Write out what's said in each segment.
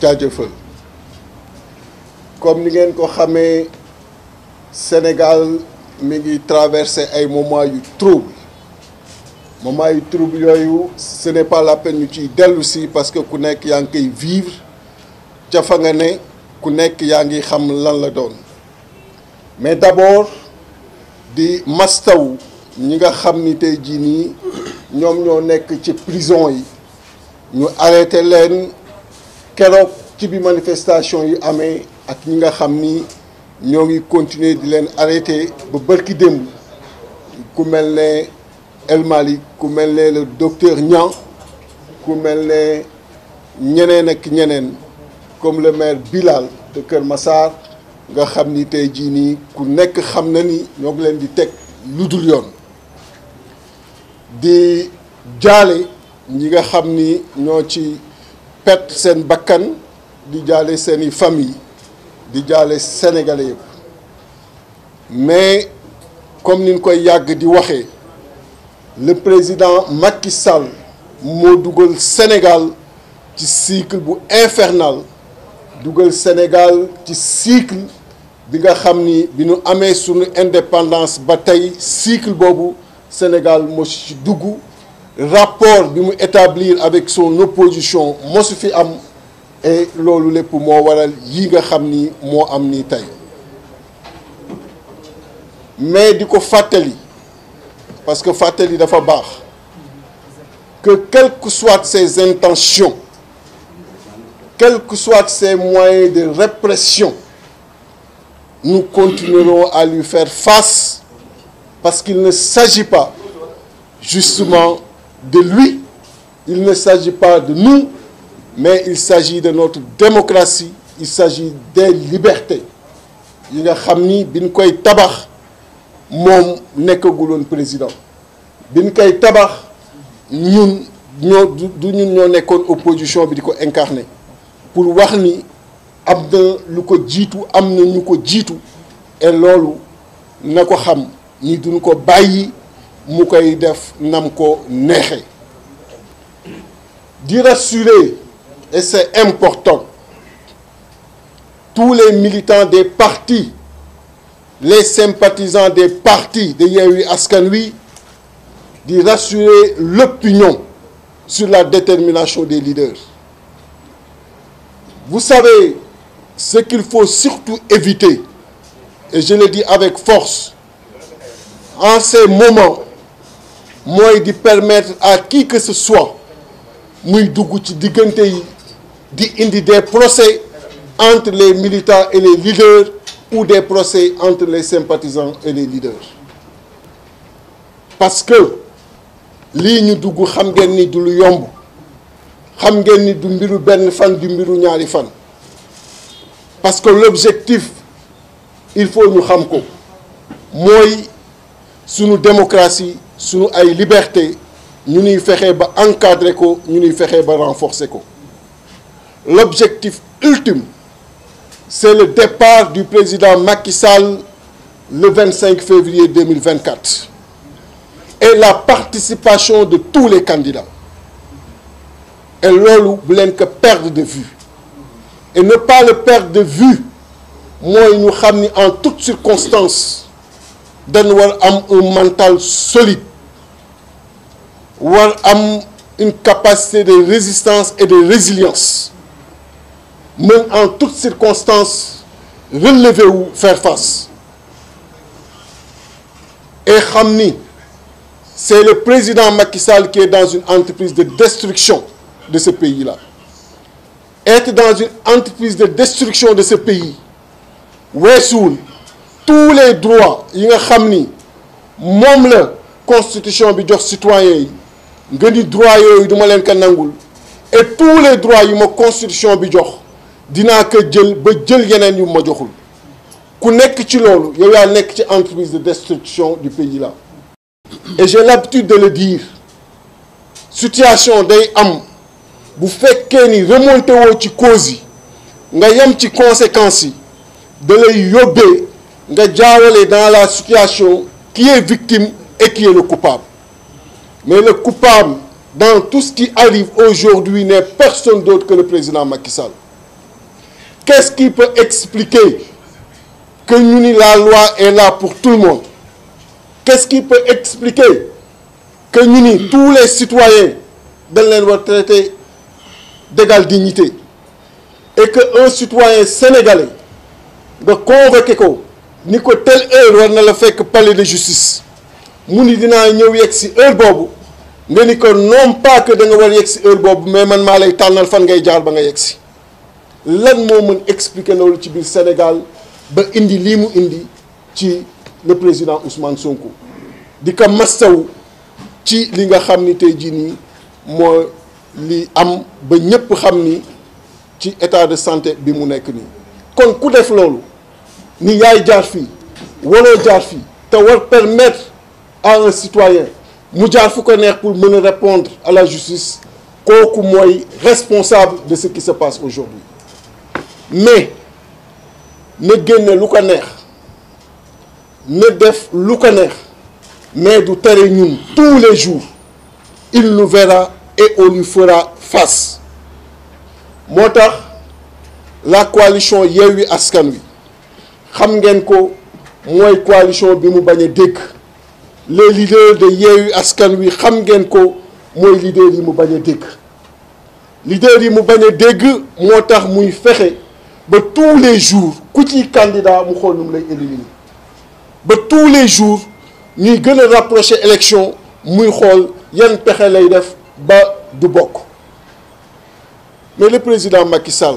jaajëfal comme ni ngeen ko xamee Sénégal mi ngi traversé ay moments yu trouble moments yu trouble yooyu ce n'est pas la peine ñu ciy dellusi parce que ku nekk yaa ngi koy vivre ca fa nga ne ku nekk yaa ngi xam lan la doon mais d'abord di mastaw ñi nga xam ni tey jii nii ñoom ñoo nekk ci prison yi ñu arrêté leen keroog ci bi manifestation yi amee ak ñi nga xam ni ñoo ngi continuer di leen arrêté ba bërki démb ku mel ne El Mali ku mel ne le docteur Niang ku mel ne ñeneen ak ñeneen comme le maire Bilal de Kër Massar nga xam ni tey jii ni ku nekk xam na ni ñoo leen di teg lu dul yoon di jaale ñi nga xam ni ñoo ci perte seen bakkan di jaale seeni famille di jaale sénégalais yëpp mais comme ni ñu koy yàgg di waxee le président Macky Sall moo dugal Sénégal ci cycle bu infernal dugal Sénégal ci cycle bi nga xam ni bi ñu amee sunu indépendance ba tey cycle boobu Sénégal moo ci dugg rapport bi mu établir avec son opposition mosu fi am et loolu lépp moo waral yi nga xam ni moo am ni tey mais di ko fàttali parce que fàttali dafa baax que quelles que soient ses intentions quels que soient ses moyens de répression nous continuerons à lui faire face parce qu'il ne s'agit pas justement de lui. Il ne s'agit pas de nous, mais il s'agit de notre démocratie, il s'agit des libertés yi nga xam ni biñ koy tabax moom nekkaguloon président biñ koy tabax ñun ñoo du ñun ñoo nekkoon opposition bi di ko incarné pour wax ni am na lu ko jiitu am na ñu ko jiitu et loolu na ko xam ni duñ ko bàyyi mu koy def nam ko neexee di rassurer et c'est important tous les militants des partis les sympathisants des partis de Yewwi Askan Wi di rassurer l'opinion sur la détermination des leaders vous savez ce qu'il faut surtout éviter et je le dis avec force en ces moments mooy di permettre à qui que ce soit muy dugg ci diggante yi di indi des procès entre les militans et les leaders ou des procès entre les sympathisants et les leaders parce que lii ñu dugg xam ngeen ni du lu yomb xam ngeen ni du mbiru benn fan du mbiru ñaari fan parce que l'objectif il faut ñu xam ko mooy sunu démocratie suñu ay liberté ñu ñuy fexe ba encadrer ko ñu ñuy fexe ba renforcer ko l'objectif ultime c'est le départ du président Macky Sall le 25 février 2024 et la participation de tous les candidats et loolu bu leen ko perdre de vue et ne pas le perdre de vue mooy ñu xam ni en toutes circonstances dañ war am un mental solide war am une capacité de résistance et de résilience mën en toutes circonstances relever wu faire face et xam ni c'est le président Macky Sall qui est dans une entreprise de destruction de ce pays-là être dans une entreprise de destruction de ce pays weesuwul tous les droits yi nga xam ni moom la constitution bi jox citoyen yi nga ni droit yooyu duma leen ko nangul et tous les droits yu ma constitution bi jox dinaa ko jël ba jël yeneen yu ma joxul ku nekk ci loolu yow yaa nekk ci entreprise de destruction du pays là et j'ai l'habitude de le dire situation day am bu fekkee ni remonté ci cause yi nga yem ci conséquences yi da lay yóbbee nga jaawale dans la situation qui est victime et qui est le coupable mais le coupable dans tout ce qui arrive aujourd'hui n'est personne d'autre que le président Macky Sall qu'est-ce qui peut expliquer que ñu ni la loi est là pour tout le monde qu'est-ce qui peut expliquer que ñu ni tous les citoyens dañ leen war traiter d'égale dignité et que un citoyen sénégalais nga convoqué ko ni ko tel heure war na la fekk palais de justice mu ni dinaa ñëw yegg si heure boobu nga ni ko non pas que da nga war yegg si heure boobu mais man maa lay tànnal fan ngay jaar ba nga yegg si lan moo mën expliquer loolu ci biir Sénégal ba indi lii mu indi ci le président Ousmane Sonko di ko mastaw ci li nga xam ni tey jii nii moo li am ba ñëpp xam ni ci état de santé bi mu nekk nii kon ku def loolu. ni yaay jaar fii waroo jaar fii te war permettre à un citoyen mu jaar fu ko neex pour mën a répondre à la justice kooku mooy responsable de ce qui se passe aujourd'hui mais na génne lu ko neex def lu ko neex mais du tere ñun tous les jours il nous verra et on lui fera face moo tax la coalition Yewwi Askan Wi xam ngeen ko mooy coalition bi mu bañ a dégg les leaders de Yewwi Askan Wi xam ngeen ko mooy leaders yi mu bañ a dégg leaders yi mu bañ a dégg moo tax muy fexe ba tous les jours ku ci candidat mu xool nu mu lay éliminer ba tous les jours ñuy gën a rapproché élection muy xool yan pexe lay def ba du bokk mais le président Macky Sall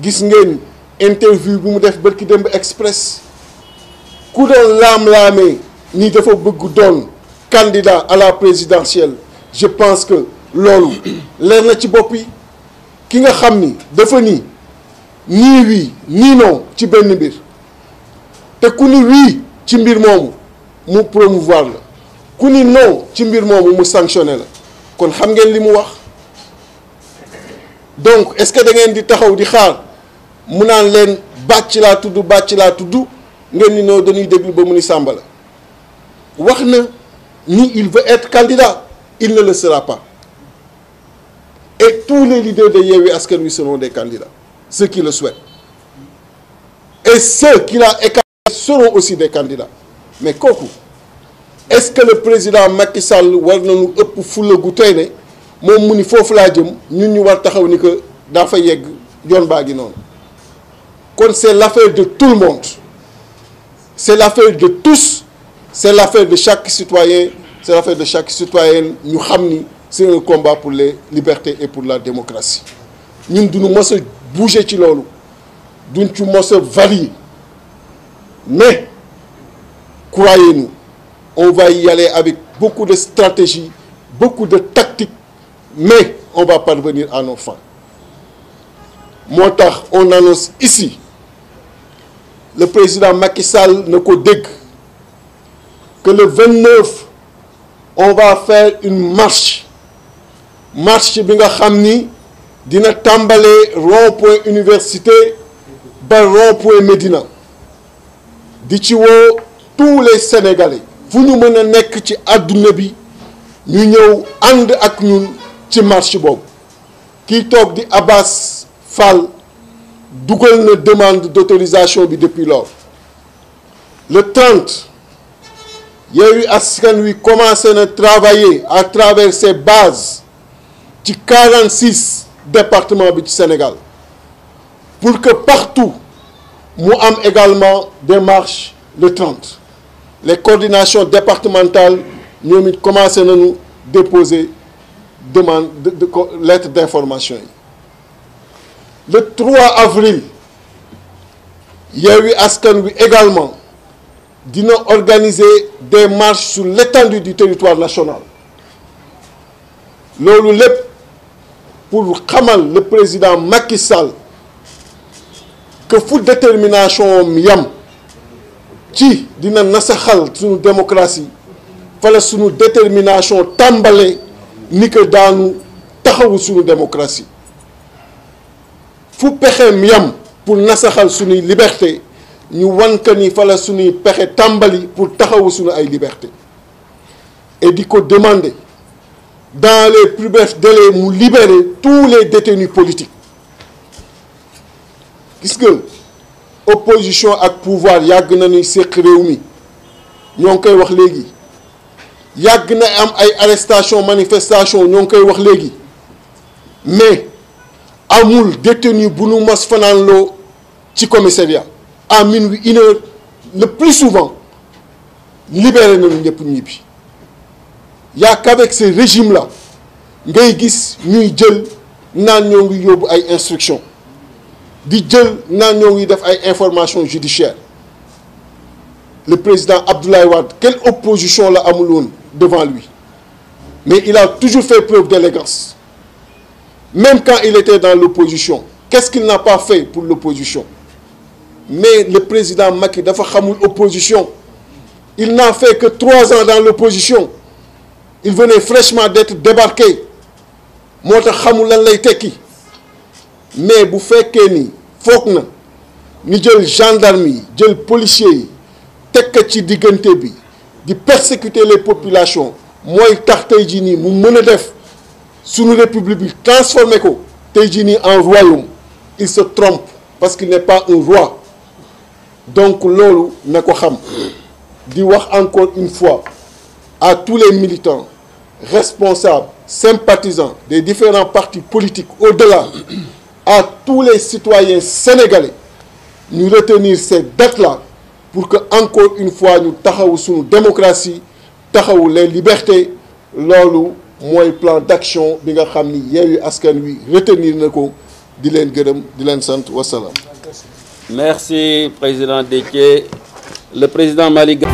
gis ngeen interview bu mu def bërki démb express ku doon laam-laamee ni dafa bëgg doon candidat à la présidentielle je pense que loolu leer na ci bopp yi ki nga xam ni dafa ni nii wii nii non ci benn mbir te ku ni wii ci mbir moomu mu promouvoir la ku ni non ci mbir moomu mu sanctionné la kon xam ngeen li mu wax donc est-ce que da ngeen di taxaw di xaar mu naan leen bàcc laa tudd bàcc laa tudd ngeen ni noo dañuy déglu ba mu ni Samba la wax na ni il veut être candidat il ne le sera pas et tous les leaders de Yewwi Askan Wi seront des candidats ceux qui le souhaitent et ceux qu'il a écartés aussi des candidats mais kooku est-ce que le président Macky Sall war nañu ëpp fulla gu tey ne moom mu ni foofu laa jëm ñun ñu war taxaw ni que daa yegg yoon baa gi noonu kon c'est l'affaire de tout le monde c'est l'affaire de tous c'est l'affaire de chaque citoyen c'est l'affaire de chaque citoyenne ñu xam ni c'est un combat pour les libertés et pour la démocratie ñun duñu mos a bouger ci loolu duñ ci mos a varier mais croyez-nous on va y aller avec beaucoup de stratégie beaucoup de tactique mais on va parvenir à nos fins moo tax on annonce ici le président Macky Sall na ko dégg que le 29 on va faire une marche marche bi nga xam ni dina tàmbalee rond université ba rond Médina di ci woo tous les sénégalais fu ñu mën a nekk ci àdduna bi ñu ñëw ànd ak ñun ci marche boobu kii toog di Abbas Fall dugal ne demande d'autorisation bi depuis lors le 30 Yewwi Askan Wi commencé na travailler à travers ses bases ci 46 départements bi ci Sénégal pour que partout mu am également des marche le trente les coordinations départementales ñoom it commencé nañu déposer demande de lettre d'information yi le 3 avril wi Askan Wi également dina organiser des marches sur l'étendue du territoire national loolu lépp pour xamal le président Macky Sall que fu détermination yam ci dina nasaxal suñu démocratie fala sunu détermination tàmbale ni que daanu taxawu suñu démocratie fu pexeem yam pour nasaxal suñuy liberté ñu wanka ni fa suñuy pexe tàmbali pour taxawu suñu ay liberté et di ko demander dans les plus brefs mu libérer tous les détenus politiques gis nga opposition ak pouvoir yàgg na ñuy séq réew mi ñoo ngi koy wax léegi yàgg na am ay arrestation manifestation ñoo ngi koy wax léegi amul détenu bu nu mas fanaanloo ci commissariat à minuit une heure le plus souvent libéré nañu ñëpp ñibbi yaa qu'avec ce régime là ngay gis ñuy jël naan ñoo ngi yóbbu ay instruction di jël naan ñoo ngi def ay information judiciaire le président Abdoulaye Wade quelle opposition la amul woon devant lui mais il a toujours fait preuve d'élégance Même quand il était dans l'opposition, qu'est-ce qu'il n'a pas fait pour l'opposition Mais le président Macky dafa xamul opposition. Il n'a fait que trois ans dans l'opposition. Il venait fraîchement d'être débarqué. moo tax xamul lan lay tekki mais bu fekkee ni foog na ñu jël gendarme yi jël policier yi tekk ci diggante bi di persécuter les populations mooy tax tey jii nii mu mën a def suñu république bi transformé ko te jii nii en royaume il se trompe parce qu'il n'est pas un roi donc loolu na ko xam di wax encore une fois à tous les militants responsables sympathisants des différents partis politiques au la à tous les citoyens sénégalais ñu retenir ces dates-là pour que encore une fois ñu taxawu suñu démocratie taxawu les libertés loolu mooy plan d'action bi nga xam ni Yewwi Askan Wi retenir na ko di leen gërëm di leen sant wasalaam. merci président Déthié le président Malick